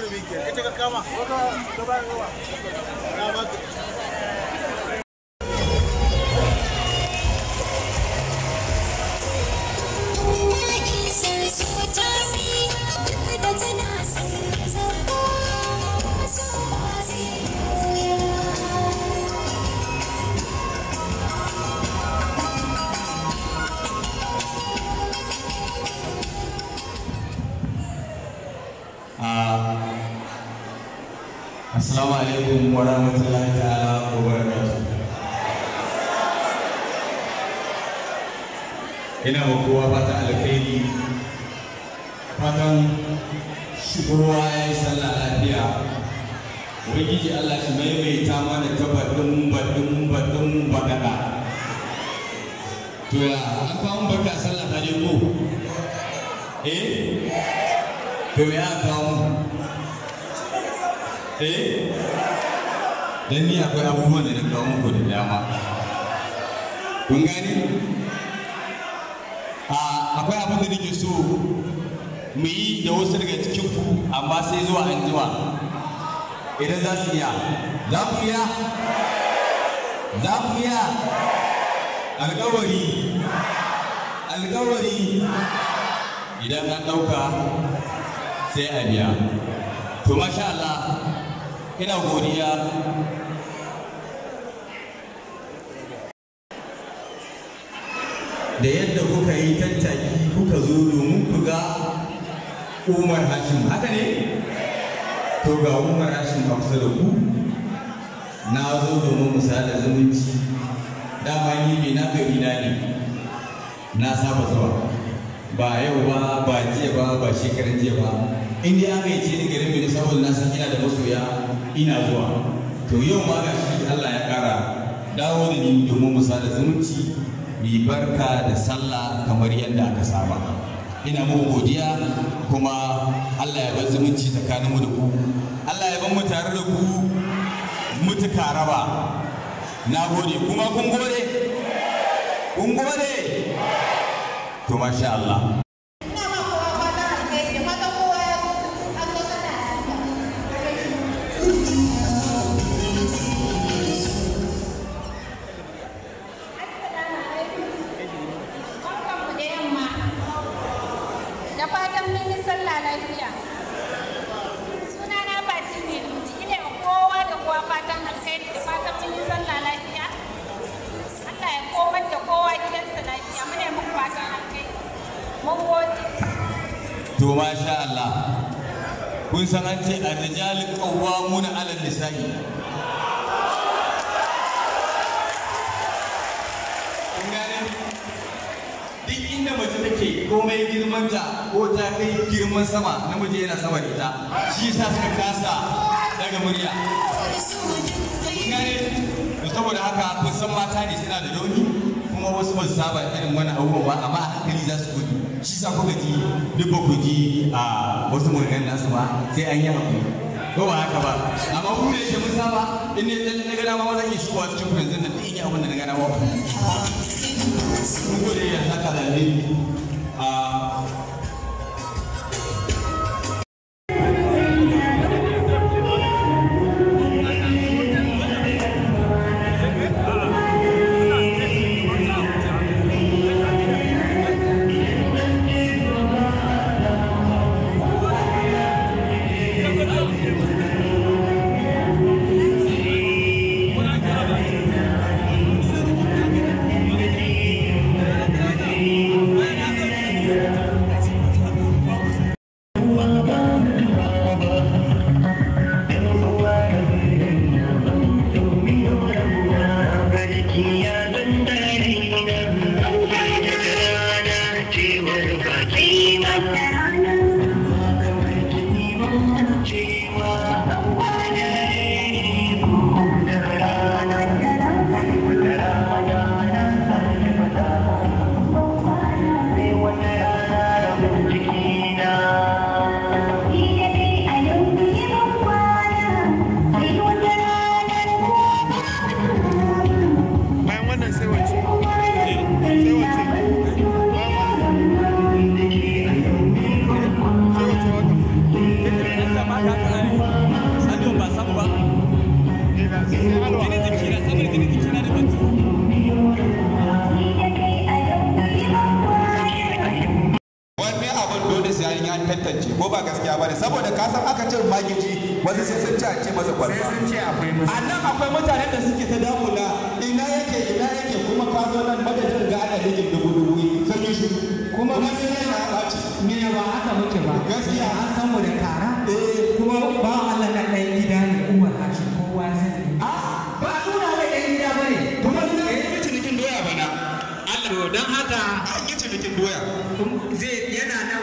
rubi ke ita ka kama ka ba ka Assalamu alaikum wa Ina wa kowa fata alkhairi. Fatan shukurwa ya yi sallah lafiya. Ubangiji Allah shi maimaita mana ta baɗin baɗin baɗin baɗaɗa. Eh? ya, kawo barka sallah ta ko? ya kawo eh dan ni akwai abubuwan da na kawo muku da dama kun gani akwai abin da nake so mu yi da wasu daga cikin ku amma sai zuwa an jima idan za su iya za ku iya za ku iya alkawari alkawari idan na ɗauka sai a biya to masha Allah ina godiya da yadda kuka yi tattaki kuka zo domin ku ga umar hashim haka ne to ga umar hashim a kusa da ku na zo domin misali sada zumunci dama ni mai na gari na ne na saba zuwa ba yau ba ba jiya ba ba shekaran jiya ba inda ya ga ce ni garin saboda na san ina da masoya ina zuwa to yau ma ga shi Allah ya kara dawo da ni domin mu sada zumunci mu barka da sallah kamar yadda aka saba ina muku godiya kuma Allah ya bar zumunci tsakanin mu da ku Allah ya bar mu tare da ku mutuka raba na gode kuma kun gode kun gode to masha Allah to masha Allah kun san an ce a rijal muna alal nisa'i duk inda mace take komai girmanta ko ta kai girman sama namiji yana sama da ita shi yasa suka kasa daga murya saboda haka kun san mata ne suna da rauni kuma wasu ba su saba irin wani abubuwan ba amma a hankali za su gudu shi sa kuka ji duk ba ku ji a wasu murnan nasu ba sai an yi haƙuri ko ba haka ba amma ku da yake mun saba in ne tsalle na gana ma ma zan yi a cikin yanzu na ɗaya abin da na gana ma ku gode ya saka da a dole sai an yi tantance ko ba gaskiya ba ne saboda ka san aka ce magiji wasu sai sun ci a ce masa kwarba sai sun ce akwai musu a nan akwai mutanen da suke ta damuna ina yake ina yake kuma ka zo nan madadin ga ana ligin dubu dubu sai yi shiru kuma gaskiya na ɓaci me ba haka muke ba gaskiya an san mu da kara eh kuma ba Allah na dai gida ne umar hashi kowa sai ba nuna mai ɗan gida ba ne kuma nuna ya yi doya bana Allah don haka an yi cinikin doya zai